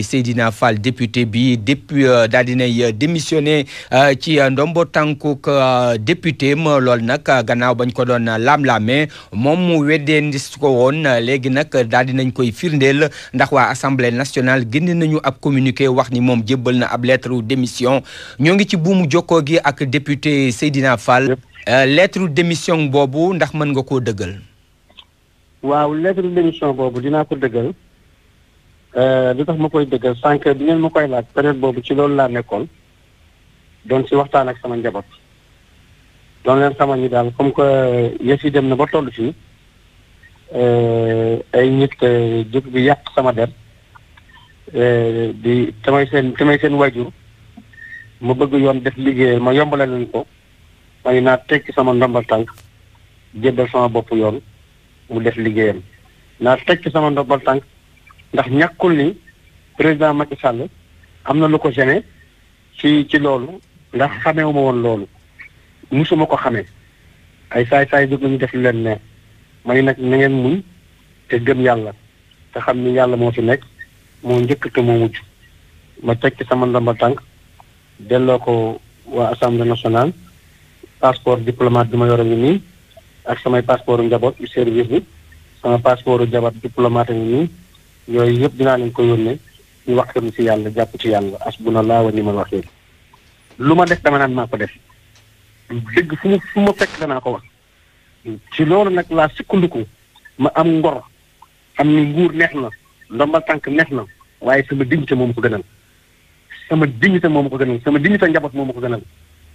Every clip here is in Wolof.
Seydina Fall député bi depuis euh, daal dinay euh, démissionné euh, ci ndombo tànkuk député ma lool nag gannaaw bañ ko doon laam-laamee moom mu weddee ndis ko woon léegi nag daal nañ koy firndeel ndax waa assemblée nationale génn nañu ab communiqué wax ni moom jébbal na ab lettre démission ñoo ngi ci buumu jokkoo gi ak député Seydina Fall lettre démission boobu ndax mën nga koo dëggal waaw lettre démission boobu dinaa ko dëggal Euh, lu tax ma koy dëggal sànq bi ngeen ma koy laaj période boobu ci loolu laa nekkoon doon si waxtaan ak sama njaboot doon leen sama ñi daal comme que euh, yëf yi dem na ba toll fii euh, ay nit jóg bi yàq sama der di tamay seen tamay seen waajur ma bëgg yoon def liggéey ma yombale leen ko may naa tekki sama ndombal tànk jébbal sama bopp yoon mu def liggéeyam naa tekki sama ndombal tànk ndax ñàkkul ni président Macky Sall am na lu ko gêné ci ci loolu ndax xamewu ma woon loolu musuma ko xamee ay saay-saay jóg nañu def lu leen ne ma ni nag na ngeen muñ te gëm yàlla te xam ni yàlla moo ci nekk moo njëkk te moo mujj ma teg ci sama ndamba tànk delloo ko waa assemblée nationale passeport diplomate bi ma yore ngi nii ak samay passeport njaboot yu service bi sama passeport jabar diplomate ngi nii yooyu yëpp dinaa leen ko yónnee ñu wax tam si yàlla jàpp ci yàlla bu asbunallah wa ni'mal wakiil lu ma def dama naan maa ko def dëgg fu mu fu ma fekk danaa ko wax ci loolu nag laa sukkandiku ma am ngor am ni nguur neex na ndombal tànk neex na waaye sama dignité moom ko gënal sama dignité moom ko gënal sama dignité njaboot moom ko gënal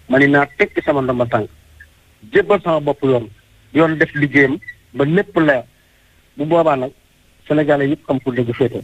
ma ni naa teg sama ndombal tànk jébbal sama bopp yoon yoon def liggéeyam ba lépp leer bu boobaa nag Sénégalais yëpp xam fu dëgg féete.